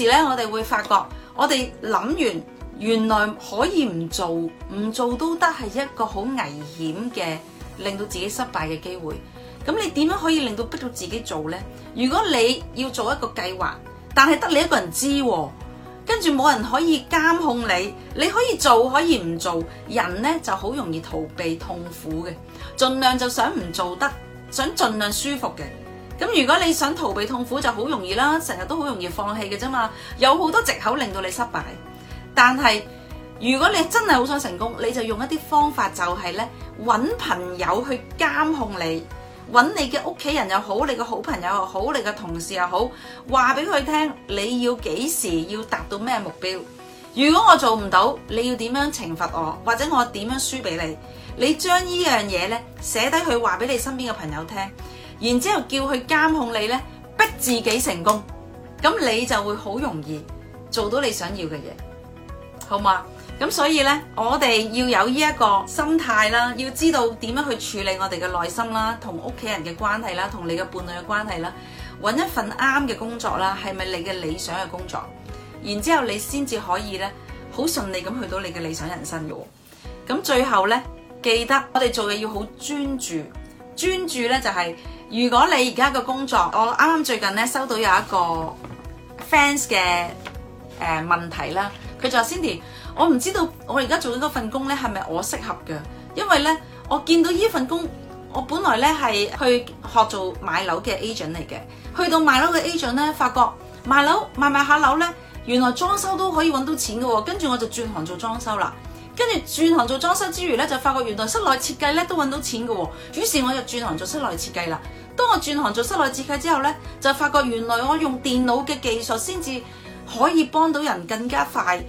時咧，我哋會發覺，我哋諗完，原來可以唔做，唔做都得，係一個好危險嘅，令到自己失敗嘅機會。咁你點樣可以令到逼到自己做呢？如果你要做一個計劃，但係得你一個人知，跟住冇人可以監控你，你可以做可以唔做，人呢就好容易逃避痛苦嘅，盡量就想唔做得，想盡量舒服嘅。咁如果你想逃避痛苦就好容易啦，成日都好容易放棄嘅啫嘛，有好多借口令到你失敗。但係如果你真係好想成功，你就用一啲方法，就係，就係咧揾朋友去監控你，揾你嘅屋企人又好，你嘅好朋友又好，你嘅同事又好，話俾佢聽你要幾時要達到咩目標。如果我做唔到，你要點樣懲罰我，或者我點樣輸俾你？你將呢樣嘢咧寫低佢，話俾你身邊嘅朋友聽。然之後叫佢監控你咧，逼自己成功，咁你就會好容易做到你想要嘅嘢，好嘛？咁所以咧，我哋要有呢一個心態啦，要知道點樣去處理我哋嘅內心啦，同屋企人嘅關係啦，同你嘅伴侶嘅關係啦，揾一份啱嘅工作啦，係咪你嘅理想嘅工作？然之後你先至可以咧，好順利咁去到你嘅理想人生嘅。咁最後咧，記得我哋做嘢要好專注。專注咧就係，如果你而家嘅工作，我啱啱最近咧收到有一個 fans 嘅誒、呃、問題啦，佢就話 Cindy，我唔知道我而家做緊嗰份工咧係咪我適合嘅，因為咧我見到呢份工，我本來咧係去學做買樓嘅 agent 嚟嘅，去到買樓嘅 agent 咧，發覺賣樓賣賣下樓咧，原來裝修都可以揾到錢嘅喎、哦，跟住我就轉行做裝修啦。跟住轉行做裝修之餘咧，就發覺原來室內設計咧都揾到錢嘅喎、哦，於是我就轉行做室內設計啦。當我轉行做室內設計之後咧，就發覺原來我用電腦嘅技術先至可以幫到人更加快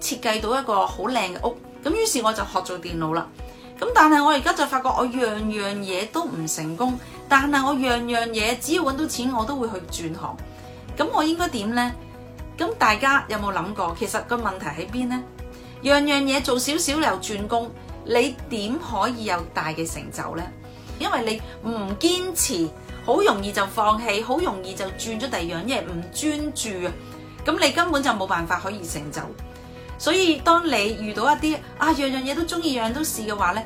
設計到一個好靚嘅屋。咁於是我就學做電腦啦。咁但係我而家就發覺我樣樣嘢都唔成功，但係我樣樣嘢只要揾到錢我都會去轉行。咁我應該點呢？咁大家有冇諗過？其實個問題喺邊呢？樣樣嘢做少少又轉工，你點可以有大嘅成就呢？因為你唔堅持，好容易就放棄，好容易就轉咗第二樣嘢，唔專注啊！咁你根本就冇辦法可以成就。所以當你遇到一啲啊樣樣嘢都鍾意，樣樣都試嘅話呢，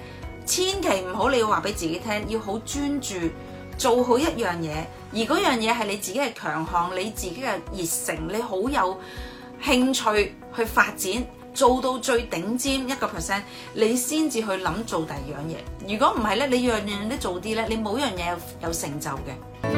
千祈唔好你要話俾自己聽，要好專注做好一樣嘢。而嗰樣嘢係你自己嘅強項，你自己嘅熱誠，你好有興趣去發展。做到最頂尖一個 percent，你先至去諗做第二樣嘢。如果唔係咧，你樣樣都做啲咧，你冇一樣嘢有有成就嘅。